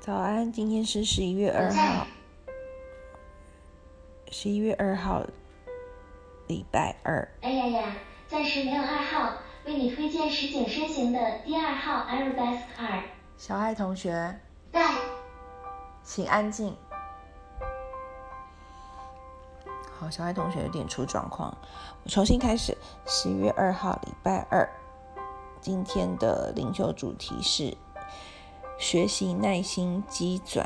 早安，今天是十一月二號，十一月二號，禮拜二。哎呀呀，暫時沒有2號為你推薦實景車型的第二號 Airbus 小愛同學。在。請安靜。好，小愛同學有點出狀況，我重新開始。十一月二號，禮拜二，今天的領袖主題是。學習耐心積攢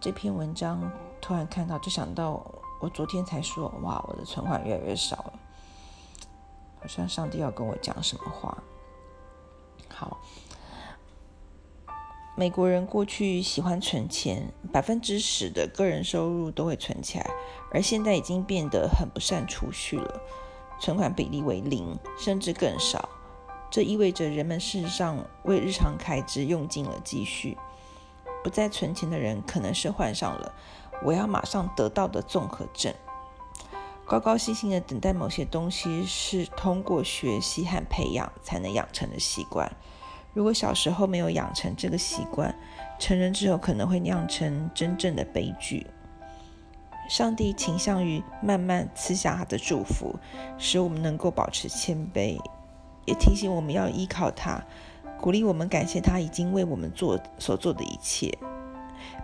這篇文章，突然看到就想到，我昨天才說，哇，我的存款越來越少了，好像上帝要跟我講什麼話。好，美國人過去喜歡存錢，百分之十的個人收入都會存起來，而現在已經變得很不善儲蓄了，存款比例為零，甚至更少。這意味着人們事實上為日常開支用盡了積蓄，不再存錢的人可能是患上了“我要馬上得到”的綜合症。高高興興地等待某些東西是通過學習和培養才能養成的習慣。如果小時候沒有養成這個習慣，成人之後可能會釀成真正的悲劇。上帝傾向於慢慢賜下他的祝福，使我們能夠保持謙卑。也提醒我們要依靠他，鼓勵我們感謝他已經為我們做所做的一切，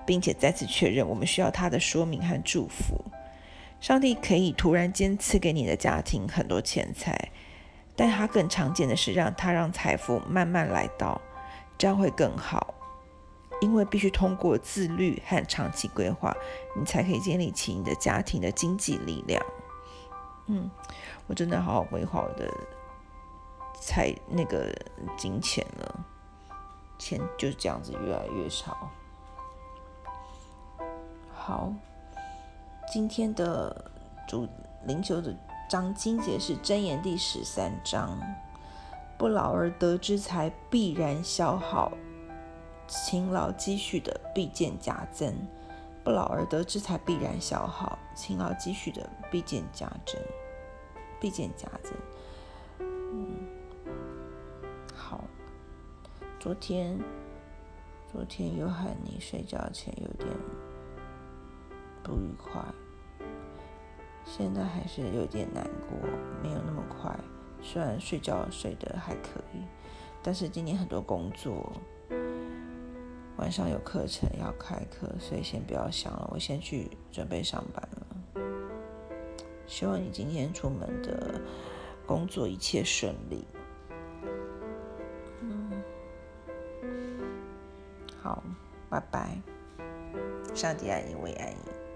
並且再次確認我們需要他的說明和祝福。上帝可以突然間賜給你的家庭很多錢財，但他更常見的是讓他讓財富慢慢來到，這樣會更好，因為必須通過自律和長期規劃，你才可以建立起你的家庭的經濟力量。嗯，我真的好好規劃我的。才那個金錢了，錢就這樣子越來越少。好，今天的主靈修的章經節是箴言第十三章：不勞而得之財必然消耗，勤勞積蓄的必見加增；不勞而得之財必然消耗，勤勞積蓄的必見加增，必見加增。昨天，昨天又喊你睡覺前有點不愉快，現在還是有點難過，沒有那麼快。雖然睡覺睡得還可以，但是今天很多工作，晚上有課程要開課，所以先不要想了，我先去準備上班了。希望你今天出門的工作一切順利。好，拜拜！上帝愛你，我也愛你。